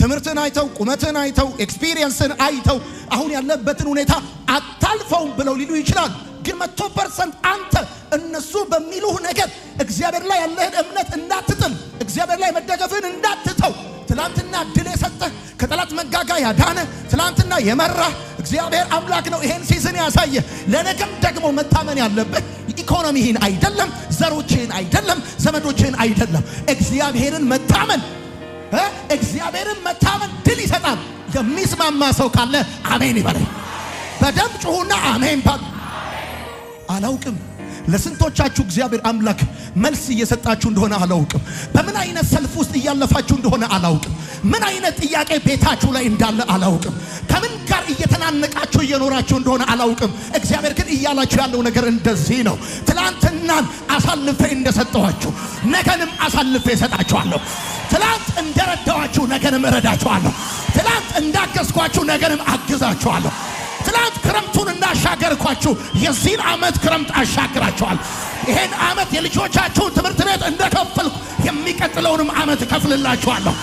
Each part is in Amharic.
ትምህርትን አይተው ቁመትን አይተው ኤክስፒሪየንስን አይተው አሁን ያለበትን ሁኔታ አታልፈውም ብለው ሊሉ ይችላል። ግን መቶ ፐርሰንት አንተ እነሱ በሚሉህ ነገር እግዚአብሔር ላይ ያለህን እምነት እንዳትጥል፣ እግዚአብሔር ላይ መደገፍን እንዳትተው። ትላንትና ድል የሰጠህ ከጠላት መጋጋ ያዳነ ትላንትና የመራህ እግዚአብሔር አምላክ ነው። ይሄን ሲዝን ያሳየ ለነገም ደግሞ መታመን ያለብህ ኢኮኖሚህን አይደለም፣ ዘሮችህን አይደለም፣ ዘመዶችህን አይደለም፣ እግዚአብሔርን መታመን እግዚአብሔርን መታመን ድል ይሰጣል። የሚስማማ ሰው ካለ አሜን ይበለኝ። በደንብ ጩሁና አሜን ባል አላውቅም ለስንቶቻችሁ እግዚአብሔር አምላክ መልስ እየሰጣችሁ እንደሆነ አላውቅም። በምን አይነት ሰልፍ ውስጥ እያለፋችሁ እንደሆነ አላውቅም። ምን አይነት ጥያቄ ቤታችሁ ላይ እንዳለ አላውቅም። ከምን ጋር እየተናነቃችሁ እየኖራችሁ እንደሆነ አላውቅም። እግዚአብሔር ግን እያላችሁ ያለው ነገር እንደዚህ ነው። ትላንትናን አሳልፌ እንደሰጠኋችሁ ነገንም አሳልፌ እሰጣችኋለሁ። ትላንት እንደረዳኋችሁ ነገንም እረዳችኋለሁ። ትላንት እንዳገዝኳችሁ ነገንም አግዛችኋለሁ። አራት ክረምቱን እንዳሻገርኳችሁ የዚህን ዓመት ክረምት አሻግራችኋል። ይሄን ዓመት የልጆቻችሁን ትምህርት ቤት እንደከፈልኩ የሚቀጥለውንም ዓመት እከፍልላችኋለሁ።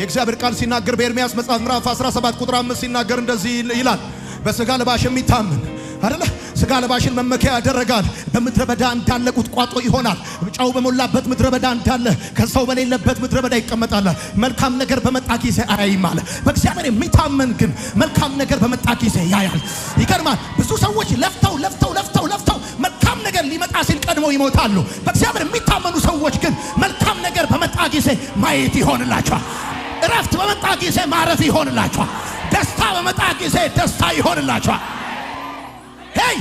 የእግዚአብሔር ቃል ሲናገር በኤርምያስ መጽሐፍ ምዕራፍ 17 ቁጥር 5 ሲናገር እንደዚህ ይላል፣ በሥጋ ለባሽ የሚታምን አይደለ ስጋ ለባሽን መመኪያ ያደረጋል። በምድረ በዳ እንዳለ ቁጥቋጦ ይሆናል። ጨው በሞላበት ምድረ በዳ እንዳለ ከሰው በሌለበት ምድረ በዳ ይቀመጣል። መልካም ነገር በመጣ ጊዜ አያይም አለ። በእግዚአብሔር የሚታመን ግን መልካም ነገር በመጣ ጊዜ ያያል። ይገርማል። ብዙ ሰዎች ለፍተው ለፍተው ለፍተው ለፍተው መልካም ነገር ሊመጣ ሲል ቀድመው ይሞታሉ። በእግዚአብሔር የሚታመኑ ሰዎች ግን መልካም ነገር በመጣ ጊዜ ማየት ይሆንላቸዋል። እረፍት በመጣ ጊዜ ማረፍ ይሆንላቸዋል። ደስታ በመጣ ጊዜ ደስታ ይሆንላቸዋል። ሄይ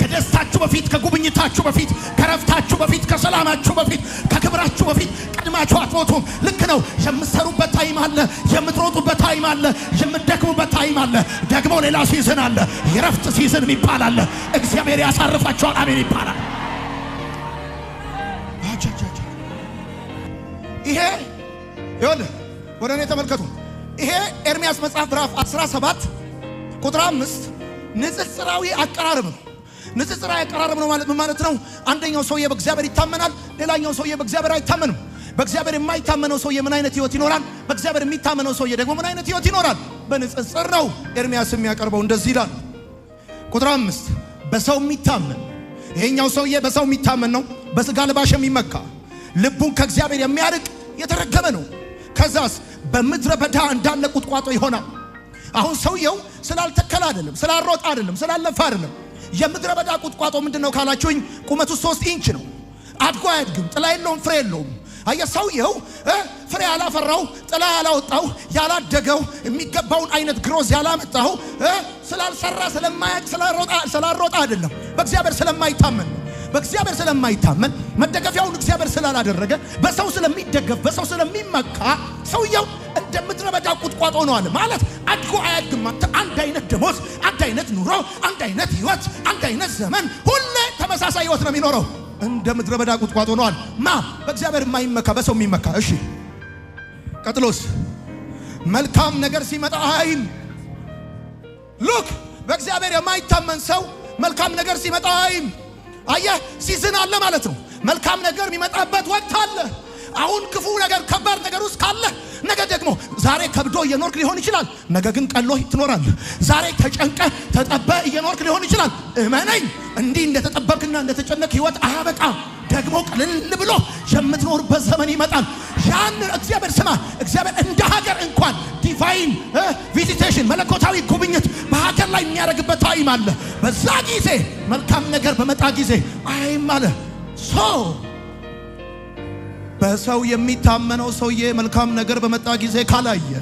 ከደስታችሁ በፊት ከጉብኝታችሁ በፊት ከረፍታችሁ በፊት ከሰላማችሁ በፊት ከክብራችሁ በፊት ቀድማችሁ አትሞቱም። ልክ ነው። የምትሰሩበት ታይም አለ፣ የምትሮጡበት ታይም አለ፣ የምትደክሙበት ታይም አለ። ደግሞ ሌላ ሲዝን አለ፣ የረፍት ሲዝን የሚባል አለ። እግዚአብሔር ያሳርፋችኋል። አሜን ይባላል። ይሄ ይኸውልህ ወደ እኔ ተመልከቱ። ይሄ ኤርሚያስ መጽሐፍ ምዕራፍ 17 ቁጥር አምስት ንጽጽራዊ አቀራረብ ነው። ንጽጽራዊ አቀራረብ ነው ማለት ምን ማለት ነው? አንደኛው ሰውዬ በእግዚአብሔር ይታመናል፣ ሌላኛው ሰውዬ በእግዚአብሔር አይታመንም። በእግዚአብሔር የማይታመነው ሰውዬ ምን አይነት ህይወት ይኖራል? በእግዚአብሔር የሚታመነው ሰውዬ ደግሞ ምን አይነት ህይወት ይኖራል? በንጽጽር ነው ኤርሚያስ የሚያቀርበው። እንደዚህ ይላል ቁጥር አምስት በሰው የሚታመን ይሄኛው ሰውዬ በሰው የሚታመን ነው፣ በስጋ ልባሽ የሚመካ ልቡን ከእግዚአብሔር የሚያርቅ የተረገመ ነው። ከዛስ በምድረ በዳ እንዳለ ቁጥቋጦ ይሆናል። አሁን ሰውየው ስላልተከል አይደለም፣ ስላልሮጥ አይደለም፣ ስላለፋ አይደለም። የምድረ በዳ ቁጥቋጦ ምንድን ነው ካላችሁኝ፣ ቁመቱ ሶስት ኢንች ነው። አድጎ አያድግም። ጥላ የለውም፣ ፍሬ የለውም። አየ ሰውየው ፍሬ ያላፈራው ጥላ ያላወጣው ያላደገው የሚገባውን አይነት ግሮዝ ያላመጣው ስላልሰራ ስለማያቅ ስላልሮጣ አይደለም፣ በእግዚአብሔር ስለማይታመን በእግዚአብሔር ስለማይታመን መደገፊያውን እግዚአብሔር ስላላደረገ በሰው ስለሚደገፍ በሰው ስለሚመካ ሰውየው የመረበዳ ቁጥቋጦ ነው አለ ማለት አድጎ አያድግም። አንድ አይነት ደሞዝ፣ አንድ አይነት ኑሮ፣ አንድ አይነት ህይወት፣ አንድ አይነት ዘመን፣ ሁሌ ተመሳሳይ ህይወት ነው የሚኖረው። እንደ ምድረ በዳ ቁጥቋጦ ነዋል። ማ በእግዚአብሔር የማይመካ በሰው የሚመካ እሺ። ቀጥሎስ መልካም ነገር ሲመጣ አይን ሉክ በእግዚአብሔር የማይታመን ሰው መልካም ነገር ሲመጣ አይን አየህ፣ ሲዝን አለ ማለት ነው። መልካም ነገር የሚመጣበት ወቅት አለ። አሁን ክፉ ነገር ከባድ ነገር ውስጥ ካለ ነገ ደግሞ ዛሬ ከብዶ እየኖርክ ሊሆን ይችላል። ነገ ግን ቀሎ ትኖራል። ዛሬ ተጨንቀ ተጠበ እየኖርክ ሊሆን ይችላል። እመነኝ፣ እንዲህ እንደተጠበብክና እንደተጨነቅ ህይወት አያበቃ። ደግሞ ቅልል ብሎ የምትኖርበት ዘመን ይመጣል። ያንን እግዚአብሔር ስማ፣ እግዚአብሔር እንደ ሀገር እንኳን ዲቫይን ቪዚቴሽን መለኮታዊ ጉብኝት በሀገር ላይ የሚያደርግበት ታይም አለ። በዛ ጊዜ መልካም ነገር በመጣ ጊዜ አይም አለ ሶ በሰው የሚታመነው ሰውዬ መልካም ነገር በመጣ ጊዜ ካላየ፣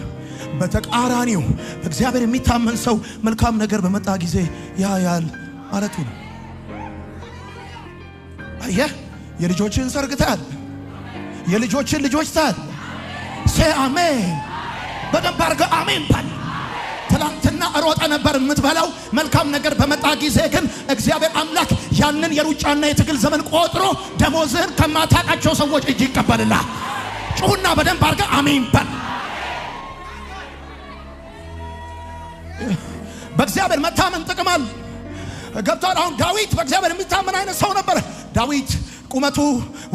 በተቃራኒው በእግዚአብሔር የሚታመን ሰው መልካም ነገር በመጣ ጊዜ ያያል ማለቱ ነው። አየህ፣ የልጆችን ሰርግ የልጆችን ልጆች ታያል። ሴ አሜን፣ በደንብ አድርገህ አሜን ባል ሮጥና ሮጠ ነበር የምትበላው። መልካም ነገር በመጣ ጊዜ ግን እግዚአብሔር አምላክ ያንን የሩጫና የትግል ዘመን ቆጥሮ ደሞዝህን ከማታቃቸው ሰዎች እጅ ይቀበልላ። ጩሁና በደንብ አድርገህ አሜን በል። በእግዚአብሔር መታመን ጥቅማል ገብቷል። አሁን ዳዊት በእግዚአብሔር የሚታመን አይነት ሰው ነበር። ዳዊት ቁመቱ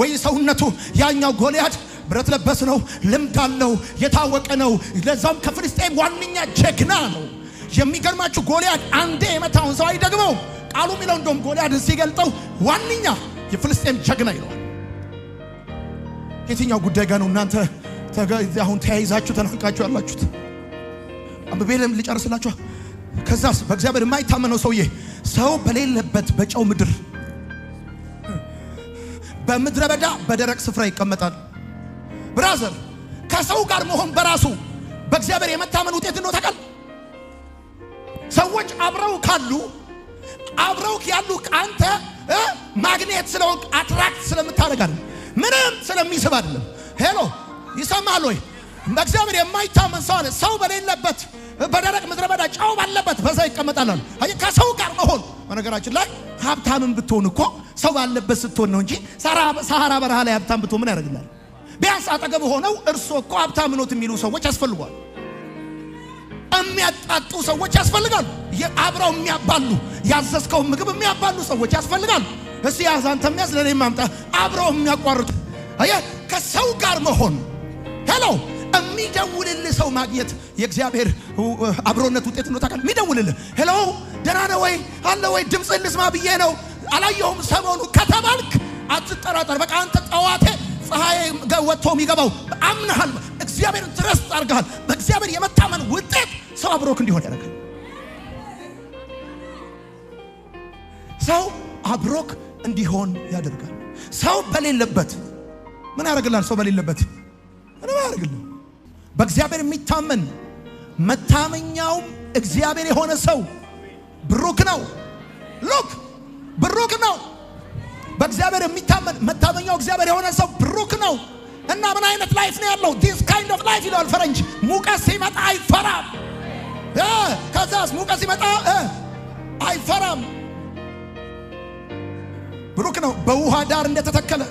ወይ ሰውነቱ ያኛው ጎልያድ ብረት ለበስ ነው፣ ልምድ አለው፣ የታወቀ ነው። ለዛም ከፍልስጤም ዋነኛ ጀግና ነው። የሚገርማችሁ ጎልያድ አንዴ የመታውን ሰው አይደግመውም። ቃሉ የሚለው እንደውም ጎልያድን ሲገልጠው ዋነኛ የፍልስጤም ጀግና ይለዋል። ከየትኛው ጉዳይ ጋር ነው እናንተ አሁን ተያይዛችሁ ተናንቃችሁ ያላችሁት? አንብቤልም ልጨርስላችሁ። ከዛስ በእግዚአብሔር የማይታመነው ሰውዬ ሰው በሌለበት በጨው ምድር በምድረ በዳ በደረቅ ስፍራ ይቀመጣል። ብራዘር ከሰው ጋር መሆን በራሱ በእግዚአብሔር የመታመን ውጤት ነው። ታውቃለህ ሰዎች አብረው ካሉ አብረው ያሉ አንተ ማግኔት ስለሆን አትራክት ስለምታደርጋ ምንም ስለሚስብ አይደለም። ሄሎ ይሰማል ወይ? በእግዚአብሔር የማይታመን ሰው አለ። ሰው በሌለበት በደረቅ ምድረ በዳ ጨው ባለበት በዛ ይቀመጣል አሉ። ከሰው ጋር መሆን በነገራችን ላይ ሀብታምን ብትሆን እኮ ሰው ባለበት ስትሆን ነው እንጂ ሰሃራ በረሃ ላይ ሀብታም ብትሆን ምን ያደርግላል? ቢያንስ አጠገብ ሆነው እርሶ እኮ ሀብታም ኖት የሚሉ ሰዎች ያስፈልጓል። የሚያጣጡ ሰዎች ያስፈልጋሉ። አብረው የሚያባሉ ያዘዝከውን ምግብ የሚያባሉ ሰዎች ያስፈልጋሉ። እስቲ ያዝ አንተ የሚያዝ ለእኔ ማምጣ አብረው የሚያቋርጡ ከሰው ጋር መሆን ሄሎ የሚደውልልህ ሰው ማግኘት የእግዚአብሔር አብሮነት ውጤት ነው። ታውቃለህ፣ የሚደውልልህ ሄሎ ደህና ነህ ወይ አለ ወይ ድምፅ ልስማ ብዬ ነው አላየሁም ሰሞኑ ከተባልክ አትጠራጠር። በቃ አንተ ጠዋቴ ፀሐይ ወጥቶ የሚገባው አምናሃል። እግዚአብሔርን ትረስት አድርገሃል። በእግዚአብሔር የመታመን ውጤት ሰው አብሮክ እንዲሆን ያደርጋል። ሰው አብሮክ እንዲሆን ያደርጋል። ሰው በሌለበት ምን ያደርግላል? ሰው በሌለበት ምንም ያደርግልን። በእግዚአብሔር የሚታመን መታመኛውም እግዚአብሔር የሆነ ሰው ብሩክ ነው። ሉክ ብሩክ ነው። በእግዚአብሔር የሚታመን መታመኛው እግዚአብሔር የሆነ ሰው ብሩክ ነው። እና ምን አይነት ላይፍ ነው ያለው? ዲስ ካይንድ ኦፍ ላይፍ ይለዋል ፈረንጅ። ሙቀት ሲመጣ አይፈራም። ከዛስ ሙቀት ሲመጣ አይፈራም። ብሩክ ነው። በውሃ ዳር እንደተተከለ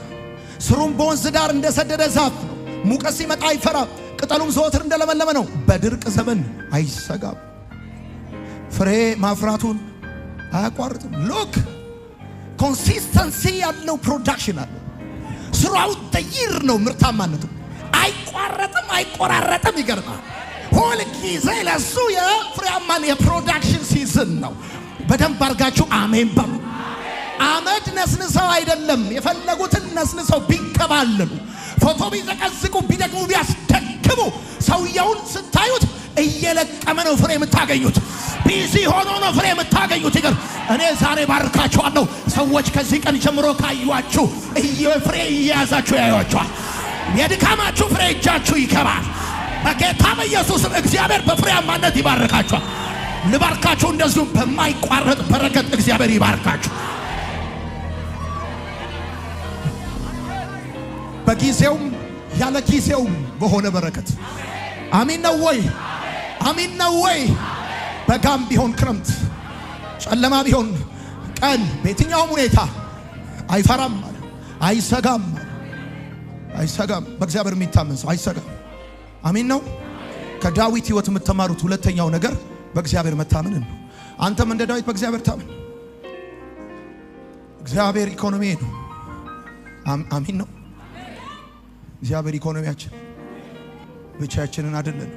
ስሩም በወንዝ ዳር እንደሰደደ ዛፍ ነው። ሙቀት ሲመጣ አይፈራም። ቅጠሉም ዘወትር እንደለመለመ ነው። በድርቅ ዘመን አይሰጋም። ፍሬ ማፍራቱን አያቋርጥም። ሎክ ኮንሲስተንሲ ያለው ፕሮዳክሽን አለ። ስራው ተይር ነው። ምርታማነቱ አይቋረጥም፣ አይቆራረጥም። ይገርማል። ሁል ጊዜ ለሱ የፍሬያማን የፕሮዳክሽን ሲዝን ነው። በደንብ አርጋችሁ አሜን በሉ። አመድ ነስንሰው አይደለም። የፈለጉትን ነስንሰው ቢንከባለሉ፣ ፎቶ ቢዘቀዝቁ፣ ቢደግሙ፣ ቢያስደግሙ ሰውየውን ስታዩት እየለቀመ ነው ፍሬ የምታገኙት። ቢዚ ሆኖ ነው ፍሬ የምታገኙት። ይገር እኔ ዛሬ ባርካችኋለሁ። ሰዎች ከዚህ ቀን ጀምሮ ካዩችሁ ፍሬ እየያዛችሁ ያዩዋችኋል። የድካማችሁ ፍሬ እጃችሁ ይገባል። በጌታም ኢየሱስም እግዚአብሔር በፍሬያማነት ይባርካችኋል። ልባርካችሁ እንደዚሁም በማይቋረጥ በረከት እግዚአብሔር ይባርካችሁ። በጊዜውም ያለ ጊዜውም በሆነ በረከት አሚን ነው ወይ? አሚን ነው ወይ? በጋም ቢሆን ክረምት፣ ጨለማ ቢሆን ቀን፣ በየትኛውም ሁኔታ አይፈራም፣ አይሰጋም፣ አይሰጋም። በእግዚአብሔር የሚታመን ሰው አይሰጋም። አሜን ነው። ከዳዊት ህይወት የምትማሩት ሁለተኛው ነገር በእግዚአብሔር መታመን ነው። አንተም እንደ ዳዊት በእግዚአብሔር ታመን። እግዚአብሔር ኢኮኖሚ ነው። አሜን ነው። እግዚአብሔር ኢኮኖሚያችን፣ ብቻችንን አይደለን፣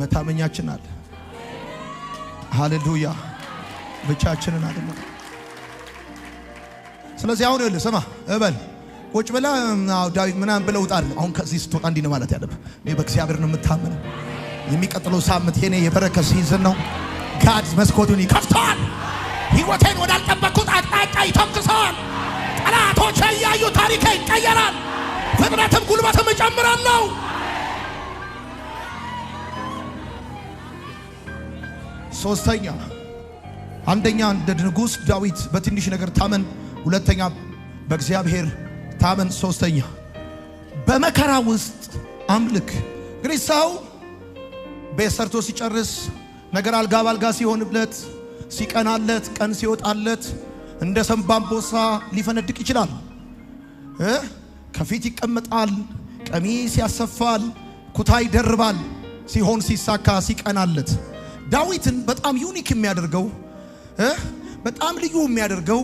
መታመኛችን አለ። ሃሌሉያ! ብቻችንን አይደለን። ስለዚህ አሁን ስማ እበል ቁጭ ብላ ዳዊት ምናምን ብለው ውጣ አሁን ከዚህ ስትወጣ እንዲህ ነው ማለት ያለብህ። እኔ በእግዚአብሔር ነው የምታመነው። የሚቀጥለው ሳምንት የኔ የበረከት ሲዝን ነው። ጋድ መስኮቱን ይከፍተዋል። ህይወቴን ወዳልጠበቅኩት አቅጣጫ ይተኩሰዋል። ጠላቶች እያዩ ታሪኬ ይቀየራል። ፍጥነትም ጉልበትም እጨምራለሁ። ሶስተኛ አንደኛ እንደ ንጉሥ ዳዊት በትንሽ ነገር ታመን፣ ሁለተኛ በእግዚአብሔር ታመን። ሶስተኛ በመከራ ውስጥ አምልክ። እንግዲህ ሰው ቤት ሰርቶ ሲጨርስ ነገር አልጋ ባልጋ ሲሆንለት ሲቀናለት ቀን ሲወጣለት እንደ ሰንባምቦሳ ሊፈነድቅ ይችላል። ከፊት ይቀመጣል፣ ቀሚስ ያሰፋል፣ ኩታ ይደርባል። ሲሆን ሲሳካ ሲቀናለት ዳዊትን በጣም ዩኒክ የሚያደርገው በጣም ልዩ የሚያደርገው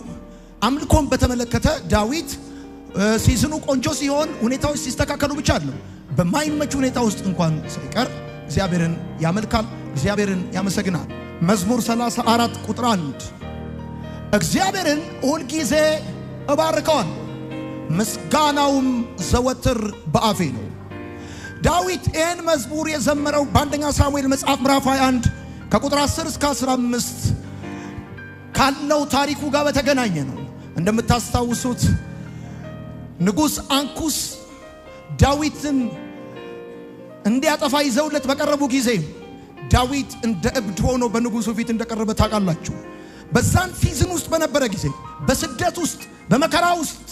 አምልኮን በተመለከተ ዳዊት ሲዝኑ ቆንጆ ሲሆን ሁኔታዎች ሲስተካከሉ ብቻ አይደለም፣ በማይመች ሁኔታ ውስጥ እንኳን ሳይቀር እግዚአብሔርን ያመልካል፣ እግዚአብሔርን ያመሰግናል። መዝሙር 34 ቁጥር 1 እግዚአብሔርን ሁልጊዜ እባርከዋል፣ ምስጋናውም ዘወትር በአፌ ነው። ዳዊት ይህን መዝሙር የዘመረው በአንደኛ ሳሙኤል መጽሐፍ ምዕራፍ 21 ከቁጥር 10 እስከ 15 ካለው ታሪኩ ጋር በተገናኘ ነው። እንደምታስታውሱት ንጉሥ አንኩስ ዳዊትን እንዲያጠፋ ይዘውለት በቀረቡ ጊዜ ዳዊት እንደ እብድ ሆኖ በንጉሱ ፊት እንደቀረበ ታውቃላችሁ። በዛን ሲዝን ውስጥ በነበረ ጊዜ በስደት ውስጥ፣ በመከራ ውስጥ፣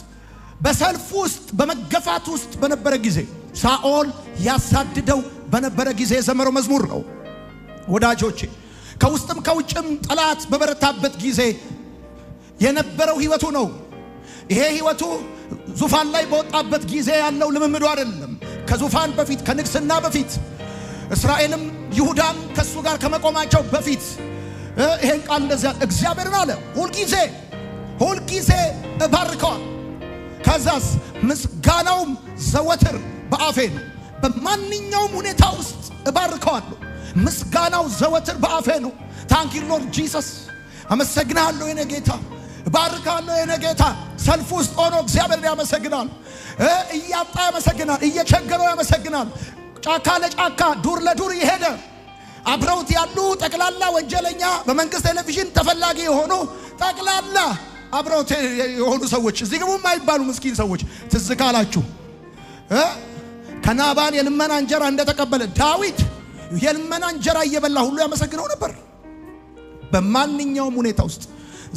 በሰልፍ ውስጥ፣ በመገፋት ውስጥ በነበረ ጊዜ ሳኦል ያሳድደው በነበረ ጊዜ የዘመረው መዝሙር ነው። ወዳጆቼ ከውስጥም ከውጭም ጠላት በበረታበት ጊዜ የነበረው ህይወቱ ነው። ይሄ ህይወቱ ዙፋን ላይ በወጣበት ጊዜ ያለው ልምምዱ አይደለም። ከዙፋን በፊት ከንግስና በፊት እስራኤልም ይሁዳም ከእሱ ጋር ከመቆማቸው በፊት ይሄን ቃል እንደዚያ እግዚአብሔርን አለ ሁልጊዜ ሁልጊዜ እባርከዋል። ከዛስ ምስጋናውም ዘወትር በአፌ ነው። በማንኛውም ሁኔታ ውስጥ እባርከዋለሁ። ምስጋናው ዘወትር በአፌ ነው። ታንኪ ሎርድ ጂሰስ፣ አመሰግናለሁ የኔ ጌታ ባርካለሁ የነጌታ ሰልፍ ውስጥ ሆኖ እግዚአብሔር ያመሰግናል። እያጣ ያመሰግናል። እየቸገረው ያመሰግናል። ጫካ ለጫካ ዱር ለዱር የሄደ አብረውት ያሉ ጠቅላላ ወንጀለኛ በመንግስት ቴሌቪዥን ተፈላጊ የሆኑ ጠቅላላ አብረውት የሆኑ ሰዎች እዚህ ግቡ የማይባሉ ምስኪን ሰዎች ትዝ ካላችሁ ከናባል የልመና እንጀራ እንደተቀበለ ዳዊት የልመና እንጀራ እየበላ ሁሉ ያመሰግነው ነበር። በማንኛውም ሁኔታ ውስጥ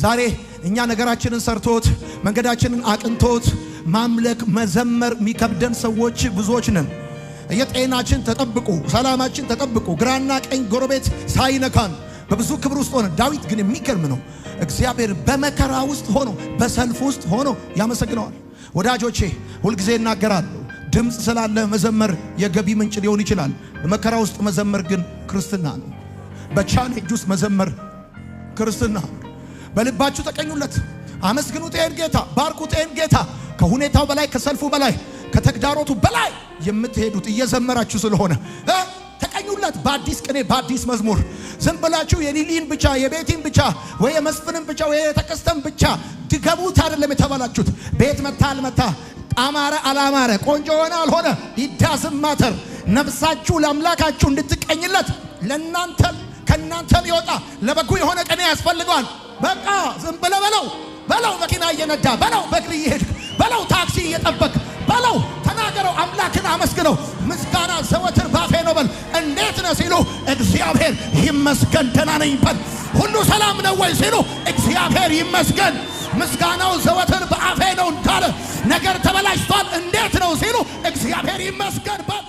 ዛሬ እኛ ነገራችንን ሰርቶት መንገዳችንን አቅንቶት ማምለክ መዘመር የሚከብደን ሰዎች ብዙዎች ነን። የጤናችን ተጠብቆ ሰላማችን ተጠብቆ ግራና ቀኝ ጎረቤት ሳይነካን በብዙ ክብር ውስጥ ሆነ። ዳዊት ግን የሚገርም ነው። እግዚአብሔር በመከራ ውስጥ ሆኖ በሰልፍ ውስጥ ሆኖ ያመሰግነዋል። ወዳጆቼ ሁልጊዜ እናገራለሁ፣ ድምፅ ስላለ መዘመር የገቢ ምንጭ ሊሆን ይችላል። በመከራ ውስጥ መዘመር ግን ክርስትና ነው። በቻሌንጅ ውስጥ መዘመር ክርስትና ነው። በልባችሁ ተቀኙለት፣ አመስግኑት ይሄን ጌታ፣ ባርኩት ይሄን ጌታ። ከሁኔታው በላይ ከሰልፉ በላይ ከተግዳሮቱ በላይ የምትሄዱት እየዘመራችሁ ስለሆነ ተቀኙለት። በአዲስ ቅኔ በአዲስ መዝሙር ዝም ብላችሁ የሊሊን ብቻ የቤቲን ብቻ ወይ የመስፍንን ብቻ ወይ የተከስተን ብቻ ትገቡት አይደለም የተባላችሁት። ቤት መታ አልመታ፣ አማረ አላማረ፣ ቆንጆ ሆነ አልሆነ ይዳዝም ማተር ነፍሳችሁ ለአምላካችሁ እንድትቀኝለት ለእናንተ ከእናንተም ይወጣ ለበጉ የሆነ ቅኔ ያስፈልገዋል። በቃ ዝም ብለህ በለው በለው፣ መኪና እየነዳ በለው፣ በእግር እየሄድክ በለው፣ ታክሲ እየጠበቅ በለው፣ ተናገረው፣ አምላክን አመስግነው። ምስጋና ዘወትር ባፌ ነው በል። እንዴት ነህ ሲሉ እግዚአብሔር ይመስገን ደህና ነኝ በል። ሁሉ ሰላም ነው ወይ ሲሉ እግዚአብሔር ይመስገን ምስጋናው ዘወትር በአፌ ነው እንዳለ ነገር ተበላሽቷል እንዴት ነው ሲሉ እግዚአብሔር ይመስገን በል።